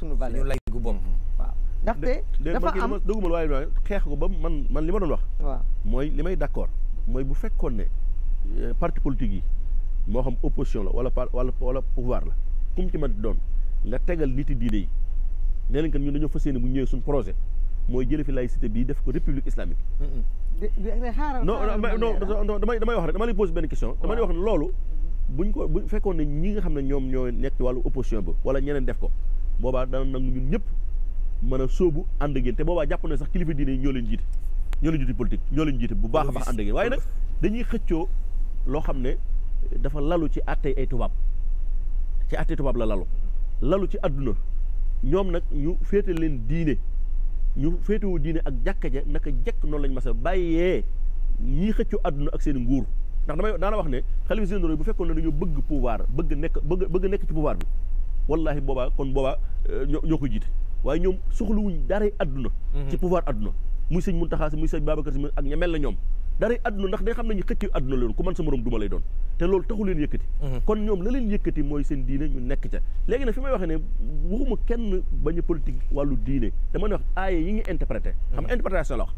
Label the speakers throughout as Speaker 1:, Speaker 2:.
Speaker 1: suñu valeur ñu lay
Speaker 2: gu bom waaw
Speaker 1: ndaxte dafa am dëgguma waaye waaye xeex ko ba man man li ma doon wax waaw li may d'accord mooy bu fekkoon ne euh, parti yi moo xam opposition la wala wala wala pouvoir la kum ci man doon nga tegal nit yi diine yi nee nañ kat ñun dañoo fas bu ñëwee suñu projet mooy jële fi laïcité bii def ko république islamique
Speaker 2: non non
Speaker 1: damay damay wax rek dama lay pose benn question dama lay wax ne loolu buñ ko bu fekkoon ne ñi nga xam ne ñoom ñoo nekk ci wàllu opposition bi wala ñeneen def ko boobaa dana nangu ñun ñëpp mën a sóobu ànd a yéen te boobaa jàpp na sax kilifa diine yi ñoo leen jiite ñoo leen jiite politique ñoo leen jiite bu baax a baax ànd ak yéen waaye nag dañuy xëccoo loo xam ne dafa lalu ci àttey ay tubaab ci àttey tubaab la lalu lalu ci àdduna ñoom nag ñu féete leen diine ñu féetewu diine ak jàkka ja naka jekk noonu lañ mas a bàyyee ñii xëccoo àdduna ak seen nguur ndax damay daana wax ne xale généraux bu fekkoon ne dañoo bëgg pouvoir bëgg nekk bëgg bëgg nekk ci bi wallahi boobaa kon boobaa euh, ñoo ko jiite waaye ñoom soxlawuñ daray adduna mhm. ci pouvoir adduna muy sëñ Muntaxa Si muy sëñ Babacar Si ak ña mel na ñoom dara daray adduna ndax day xam nañu xëcc adduna leen ku man sa morom duma lay doon te loolu taxu leen yëkkati mhm. kon ñoom la leen yëkkati mooy seen diine ñu nekk ca léegi nag fi may waxee ne waxuma kenn bañ a politique wàllu diine dama ne wax aaye yi ngi interprété xam mhm. interprétation la wax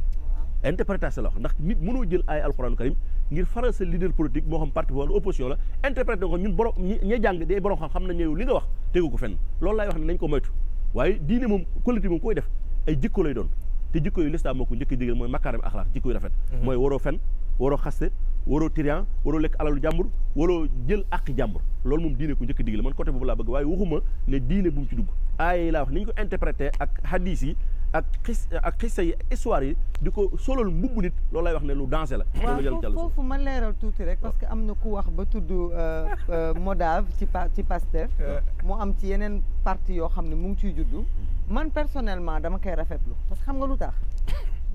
Speaker 1: interprétation la wax ndax nit mënoo jël ay alxuraanu karim ngir faral sa leader politique moo xam parti wala opposition la interprété ko ñun borom ña jàng day borom xam xam nañ yow wax tegu ko fenn loolu laay wax ne nañ moom collectif moom koy def jikko lay doon te jikko yu lislaam moo ko njëkk a digal mooy makaarim axlaaq jikko yu rafet mhm. mooy waroo fen waroo xaste waroo tiriyan waroo lekk alalu jàmbur waroo jël àqi jàmbur loolu moom diine ku njëkk digle man côté boobu laa bëgg waaye waxuma ne diine bu mu ci dugg aaya laa wax ni ñu ko interprété ak hadis yi ak xis ak xisa yi histoire yi di ko solal mbubb nit loolu lay wax ne lu dansé la. waaw foofu
Speaker 2: ma leeral tuuti rek parce que am na ku wax ba tudd euh, euh, Modave ci pa ci Pastef mu am ci yeneen parti yoo xam ne mu ngi ciy juddu. man personnellement dama koy rafetlu parce que xam nga lu tax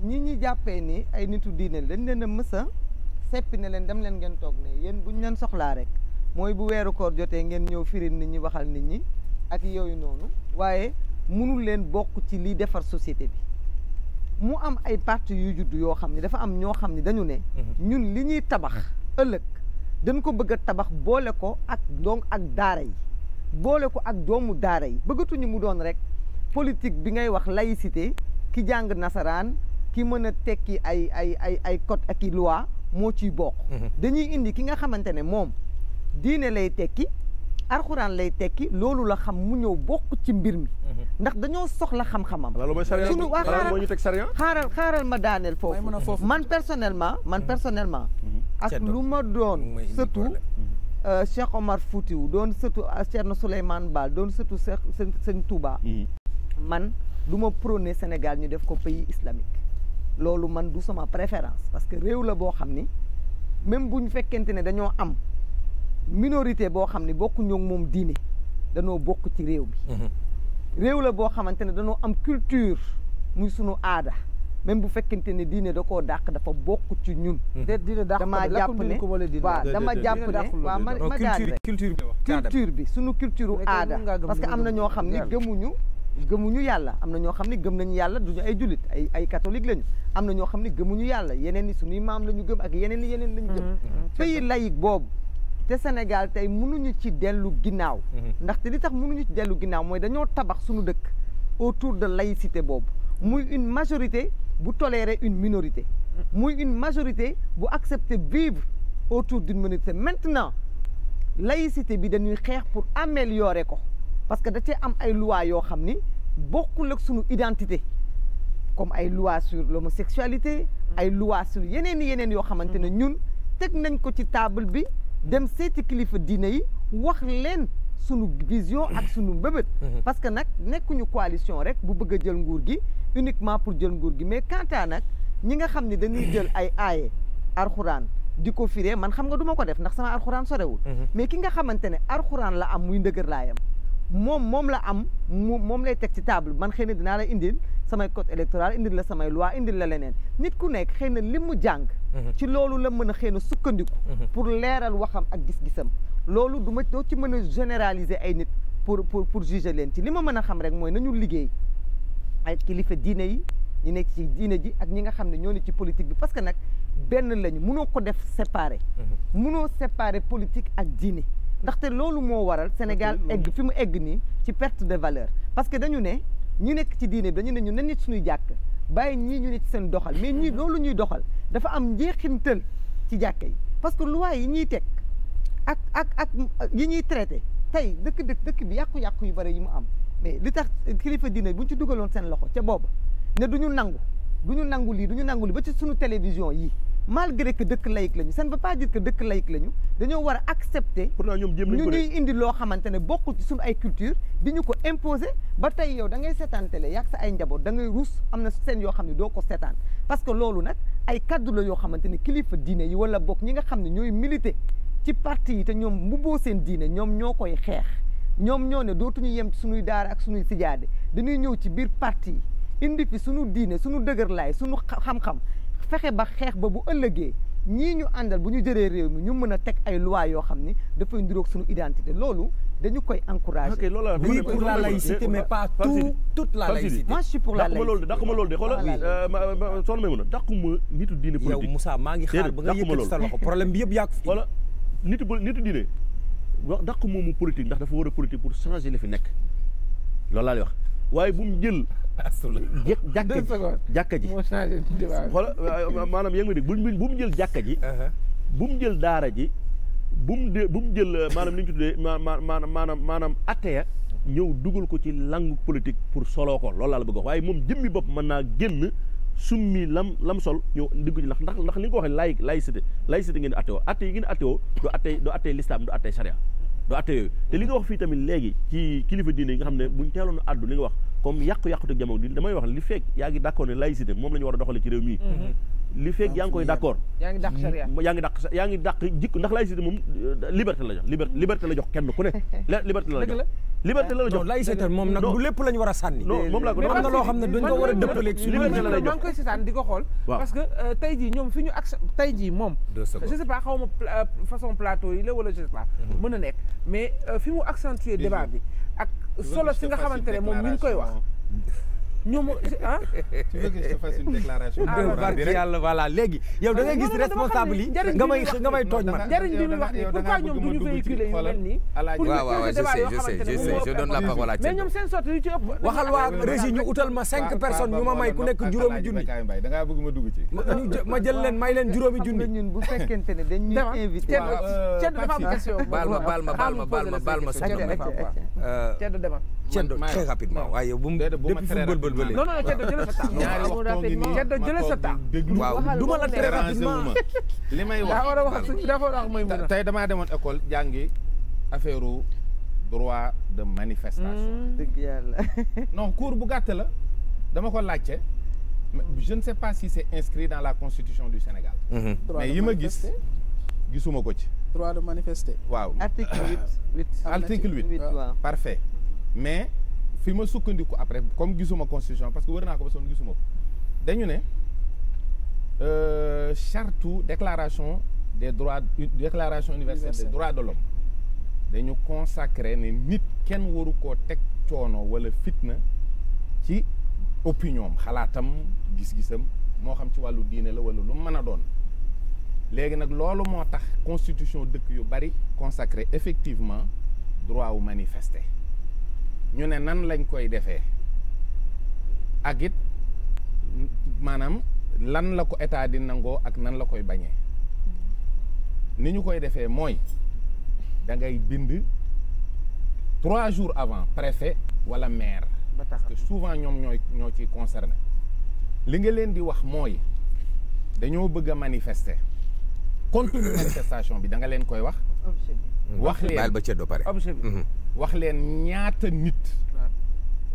Speaker 2: ñi ñi jàppee ni ay nitu diine dañ leen a mës seppi ne leen dem leen ngeen toog ne yéen ñu leen soxlaa rek mooy bu weeru koor jotee ngeen ñëw firin nit ñi waxal nit ñi ak yooyu noonu mënul leen bokk ci liy defar société bi mu am ay parti yu juddu yoo xam ne dafa am ñoo xam ni dañu ne mhm. ñun li ñuy tabax mhm. ëllëg dañ ko bëgg a tabax boole ko ak donc ak daara yi boole ko ak doomu daara yi bëggatuñu mu doon rek politique bi ngay wax laïcité ki jàng nasaraan ki mën a tekki ay ay ay ay code ak i loi moo ciy bokk mhm. dañuy indi ki nga xamante ne moom diine lay tekki alxuraan lay tekki loolu la xam mu ñëw bokk ci mbir mi mm-hmm. ndax dañoo soxla xam-xamam suñu waa xaaral xaaral xaaral ma daaneel foofu man personnellement man mm-hmm. personnellement mm-hmm. ak lu ma doon surtout euh, Cheikh Omar Foutiou doon surtout euh, Thierno Souleymane Baal doon surtout Cheikh Sëñ Touba man duma ma Sénégal ñu def ko pays islamique loolu man du sama préférence parce que réew la boo xam ni même bu ñu fekkente ne dañoo am minorité boo xam ne bokku ñoo moom diine danoo bokk ci réew bi mhm. réew la boo xamante ne danoo am culture muy sunu aada même bu fekkente ni diine da koo dàq dafa bokk ci ñun. Mhm. diine dàq damaa jàpp ne waaw dama jàpp ne waaw ma ma daal culture culture bi sunu culture aada parce que am na ñoo xam ne gëmuñu gëmuñu yàlla am na ñoo xam ne gëm nañu yàlla duñu ay jullit ay ay catholique lañu am na ñoo xam ne gëmuñu yàlla yeneen ni suñuy maam la ñu gëm ak yeneen ni yeneen lañu gëm mm-hmm. pays laïque boobu te Sénégal tey mënuñu ci dellu ginnaaw mhm. ndaxte li tax mënuñu ci dellu ginnaaw mooy dañoo tabax suñu dëkk autour de laïcité boobu muy une majorité bu tolérer une minorité muy une majorité bu accepter vivre autour d'une minorité maintenant laisité bi dañuy xeex pour améliorer ko parce que da cee am ay loi yoo xam ni bokkul ak sunu identité comme ay loi sur l'homosexualité ay loi sur yeneen yeneen yoo xamante ne mhm. ñun teg nañ ko ci table bi dem seeti kilifa diine yi wax leen sunu vision ak sunu mbëbët. Mhm. parce que nag nekkuñu coalition rek bu bëgg a jël nguur gi uniquement pour jël nguur gi mais quant nag ñi nga xam ne dañuy jël ay aaye arxuraan di ko firee man xam nga duma ko def ndax sama arxuraan sorewul. Mhm. mais ki nga xamante ne arxuraan la am muy ndëgër laayam moom moom la am moom lay teg ci table man xëy na dinaa la indil. samay code électoral indil la samay loi indil la leneen nit ku nekk xëy na li mu jàng mhm. ci loolu la mën a xëy na sukkandiku mhm. pour leeral waxam ak gis-gisam loolu du ma doo ci mën a généraliser ay nit pour pour pour juger leen ci li ma mën a xam rek mooy nañu liggéey ay kilifa diine yi ñu nekk ci diine ji ak ñi nga xam ne ñoo ne ci politique bi parce que nag benn lañu mënoo ko def séparé mhm. mënoo séparé politique ak diine ndaxte loolu moo waral Sénégal egg fi mu egg nii ci perte de valeur parce que dañu ne ñu nekk ci diine bi dañu ne ñu ne nit suñuy jàkk bàyyi ñii ñu ne ci seen doxal mais ñii loolu ñuy doxal dafa am njeexintal ci jàkka yi parce que loi yi ñuy teg ak ak ak yi ñuy traité tey dëkk dëkk dëkk bi yàqu-yàqu yu bare yi mu am mais li tax kilifa diine bu ñu ci dugaloon seen loxo ca booba ne du ñu nangu du ñu nangu lii du ñu nangu lii ba ci suñu télévision yi malgré que dëkk laïque lañu ça ne veut pas dire dëkk laïque lañu dañoo war a accepter. pourtant ñoom jéem nañu ñu ñuy indi loo xamante ne bokkul ci suñu ay culture di ñu ko imposer ba tey yow da ngay seetaan télé yàgg sa ay njaboot da ngay ruus am na seen yoo xam ne doo ko seetaan parce que loolu nag ay kaddu la yoo xamante ne kilifa diine yi wala bokk ñi nga xam ne ñooy militer ci parti yi te ñoom mbubboo seen diine ñoom ñoo koy xeex ñoom ñoo ne dootuñu yem ci suñuy daar ak suñuy sijaade dañuy ñëw ci biir parti yi suñu diine suñu dëgërlaay suñu xam fexe ba xeex ba bu ëllëgee ñii ñu àndal bu ñu jëree réew mi ñu mën a teg ay loi yoo xam ni dafay nduroog suñu identité loolu dañu koy encourager. ok loolu la oui pour la laïcité mais pas tout toute la laïcité. moi je suis pour loolu de dàqu ma loolu de xoolal
Speaker 1: euh, soxna Maimouna dàqu ma diine politique. yow maa ngi xaar ba nga yëkkati sa loxo problème bi yëpp yàqu fi. voilà nitu nitu diine wax dàqu moomu politique ndax dafa war a politique pour changer li fi nekk loolu laa lay wax. waaye bu mu jël. jàkka ji jàkka ji.
Speaker 3: xoola
Speaker 1: maanaam yaa ngi dégg bu mu jël jàkka ji. bu mu jël daara ji. bu mu de bu mu jël euh, maanaam li ñu tuddee maanaam maanaam maanaam atteya ñëw dugal ko ci langue politique pour soloo ko lool laa la bëgg wax waaye moom jëmmi bopp mën naa génn summi lam lam sol ñëw diggu ci ndax ndax li nga ko waxee laïcité laïcité ngeen di attewoo atte yi ngeen di attewoo du attey du attey lislaam du attey charia du atte yooyu te li nga wax fii tamit léegi ci kilifa diine yi nga xam ne buñ teeloon addu li nga wax comme yàqu-yàqute jamono di damay wax li fekk yaa ngi d'accord ne laïcité moom la ñu war a doxale ci réew mi mm-hmm. li yaa ngi koy d'accord yaa ngi dàq la jox liberté la jox kenn ku ne liberté la jox liberté la la jox laïcité moom nag du lépp la ñu war a sànni moom laa ko am na loo xam ne dañ ko war a dëppale ak suñu liberté la lay
Speaker 3: jox maa euh, moom je sais pas xaw ma euh, façon plateau yi la wala je sais mais euh, fi mu accentuer débat bi ak solo si nga xamante ne moom mi ngi koy wax ñoom a ah? tu veux que ah, yàlla voilà léegi. yow da ngay gis responsable yi nga may nga may tooñ man. njëriñ bi muy wax nii pourquoi ñoom du ñu véhiculer yu mel nii. pour ñu poser débat yoo xamante ma cinq personnes ñu ma may ku nekk juróomi junni.
Speaker 2: da ngaa bëgg ma ma jël leen may leen juróomi junni. ñun bu fekkente ne dañ ñu invité. ceddo euh, dafa am question. baal ma ma baal ma baal ma baal
Speaker 3: rapidement waaye bu mu depuis fu mu bële non non ceddo jëlal sa waaw du la tere li may wax daa war a wax dafa a wax mooy mun tey damaa demoon école jàngi affaire droit de manifestation mm. dëgg yàlla non cours bu gàtt la dama ko laajte je ne sais pas si c'est inscrit dans la constitution du Sénégal mm-hmm. mais yi ma gis gisuma ko ci waaw article huit parfait mais fi ma sukkandiku après comme gisuma constitution parce que wër naa ko ba sonn gisuma ko dañu ne euh, chartu déclaration des droits déclaration universelle des droits de l'homme dañu consacré ne nit kenn waru koo teg toono wala fitna ci opinion xalaatam gis-gisam moo xam ci wàllu diine la wala lu mën a doon léegi nag loolu moo tax constitution dëkk yu bari consacré effectivement droit wu manifeste ñu ne nan lañ koy defee ak it maanaam lan la ko état di nangoo ak nan la koy bañee ni ñu koy defee mooy da ngay bind trois jours avant préfet wala maire parce que souvent ñoom ñooy ñoo ciy concerné li nga leen di wax mooy dañoo bëgg a manifester contenu manifestation bi da nga leen koy wax wax leen baal ba ceddo pare objet bi mhm. wax leen ñaata nit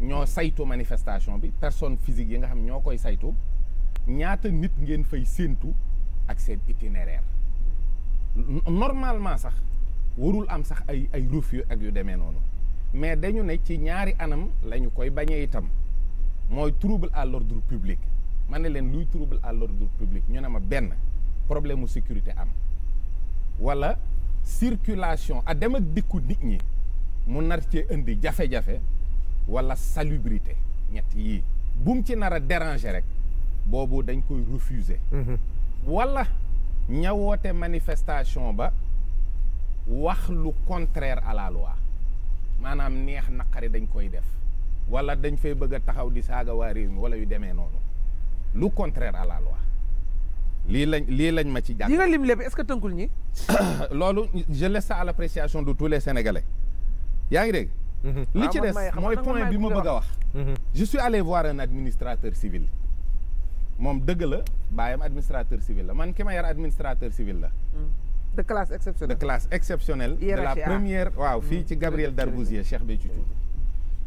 Speaker 3: ñoo saytu manifestation bi personne physique yi nga xam ñoo koy saytu ñaata nit ngeen fay séentu ak seen itinéraire normalement sax warul am sax ay ay refus ak yu demee noonu mais dañu ne ci ñaari anam la ñu koy bañee itam mooy trouble à l'ordre publique ma ne leen luy trouble à l'ordre public ñu ne ma benn problème mu sécurité am wala circulation a dem ak dikku nit ñi mu nar cee indi jafe-jafe wala salubrité ñett yi bum ci nar a déranger rek boobu dañ koy refuser mhm. wala ña woote manifestation ba wax lu contraire à la maanaam neex naqari dañ koy def wala dañ fay bëgg a taxaw di saaga waa réew mi wala yu demee noonu lu contraire à la lii lañ lii lañ ma ci jàng. ñi nga lim lépp est-ce que ñi. loolu je laisse ça à l'appréciation de tous les sénégalais yaa ngi dégg. Mhm. li ah, ci des mooy point bi ma bëgg a wax. Mhm. je suis allé voir un administrateur civil. moom dëgg la baayam administrateur civil la man ki ma yar administrateur civil la. Mm. de classe exceptionnelle. de classe exceptionnelle. de la première waaw fii mm. ci Gabriel Darbouzier Cheikh Béthio Thioune.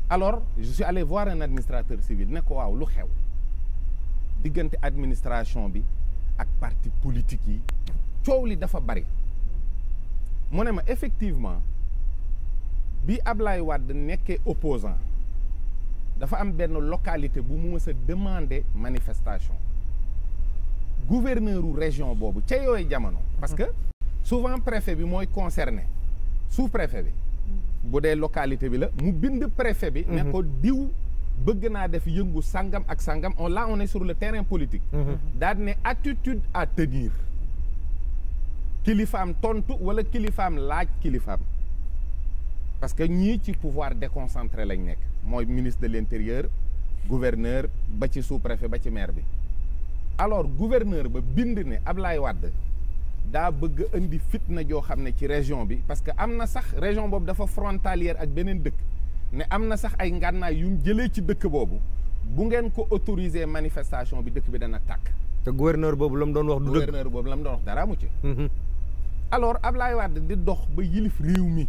Speaker 3: alors je suis allé voir un administrateur civil ne ko waaw lu xew diggante administration bi. ak parti politique yi coow li dafa bari mu ne ma effectivement bi Ablaye Wade nekkee opposant dafa am benn localité bu mu mës a demander manifestation région boobu ca yooyu jamono. Mm-hmm. parce que souvent préfet bi mooy concerné su préfet bi. Mm-hmm. bu dee localité bi la mu bind préfet bi. Mm-hmm. ne ko diw. bëgg naa def yëngu sangam ak sangam on là on sur le terrain politique. Mm-hmm. daal ne attitude à tenir kilifaam tontu wala kilifaam laaj kilifaam parce que ñii ci pouvoir déconcentré lañ nekk mooy ministre de l'intérieur gouverneur ba ci sous-préfet ba ci maire bi. alors gouverneur ba bind ne Ablaye Wade daa bëgg indi fitna joo xam ne ci région bi parce que am na sax région boobu dafa frontalière ak beneen dëkk. ne am na sax ay ngànnaay yu mu jëlee ci dëkk boobu bu ngeen ko autoriser manifestation bi dëkk bi dana tàkk.
Speaker 1: te gouverneur boobu la
Speaker 3: mu doon wax du dëgg gouverneur boobu la mu doon wax dara mu ci. Mhm. alors Ablaye Wade di dox ba yilif réew mi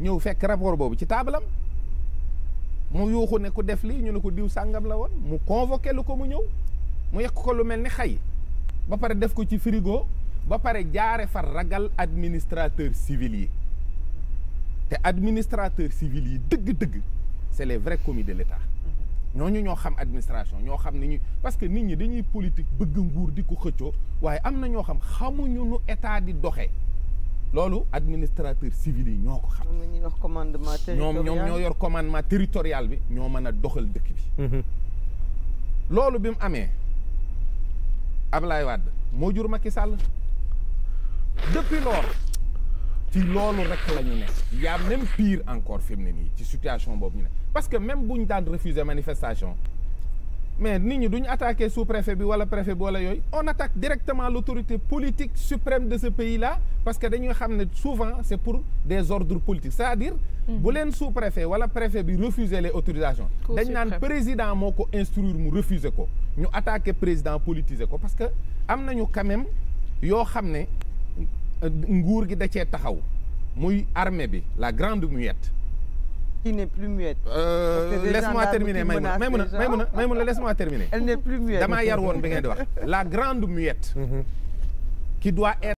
Speaker 3: ñëw fekk rapport boobu ci taabalam mu yuuxu ne ku def lii ñu ne ko diw sàngam la woon mu convoqué lu ko mu ñëw mu yekk ko lu mel ni xay ba pare def ko ci frigo ba pare jaare fa ragal administrateur civil yi. te administrateur civil yi dëgg-dëgg c'est les vrais commis de l'État
Speaker 2: mm-hmm.
Speaker 3: ñooñu ñoo xam administration ñoo xam ni ñu parce que nit ñi dañuy politique bëgg nguur di ko xëccoo waaye am na ñoo xam xamuñu nu état di doxe loolu administrateur
Speaker 2: civil yi ñoo ko xam. ñoom ñoom ñoo yor
Speaker 3: commandement territorial bi ñoo mën a doxal dëkk bi. Mm-hmm. loolu bi mu amee Ablaye Wade moo jur Macky Sall depuis lors. ci loolu rek la ñu ne y'a même pire encore fi mu ne nii ci situation boobu ñu ne parce que même bu ñu daan refuser manifestation mais nit ñi du ñu attaquer sous-préfet bi wala préfet bi wala yooyu on attaque directement l'autorité politique suprême de ce pays-là parce que dañuy xam ne souvent c'est pour des ordres politiques c'est-à-dire mhm. bu leen sous-préfet wala préfet bi refuser les autorisations dañ naan président moo ko instruire mu refuser ko ñu attaquer président politiser ko parce que am nañu quand yoo xam ne Euh, nguur gi da cee taxaw muy armée bi la grande muette.
Speaker 2: qui n'est plus muette.
Speaker 3: Euh, laisse-moi terminer Maïmouna Maïmouna Maïmouna Maïmouna laisse-moi terminer. elle
Speaker 2: n'est yar woon bi ngeen di wax
Speaker 3: la grande muette. Mhm. qui doit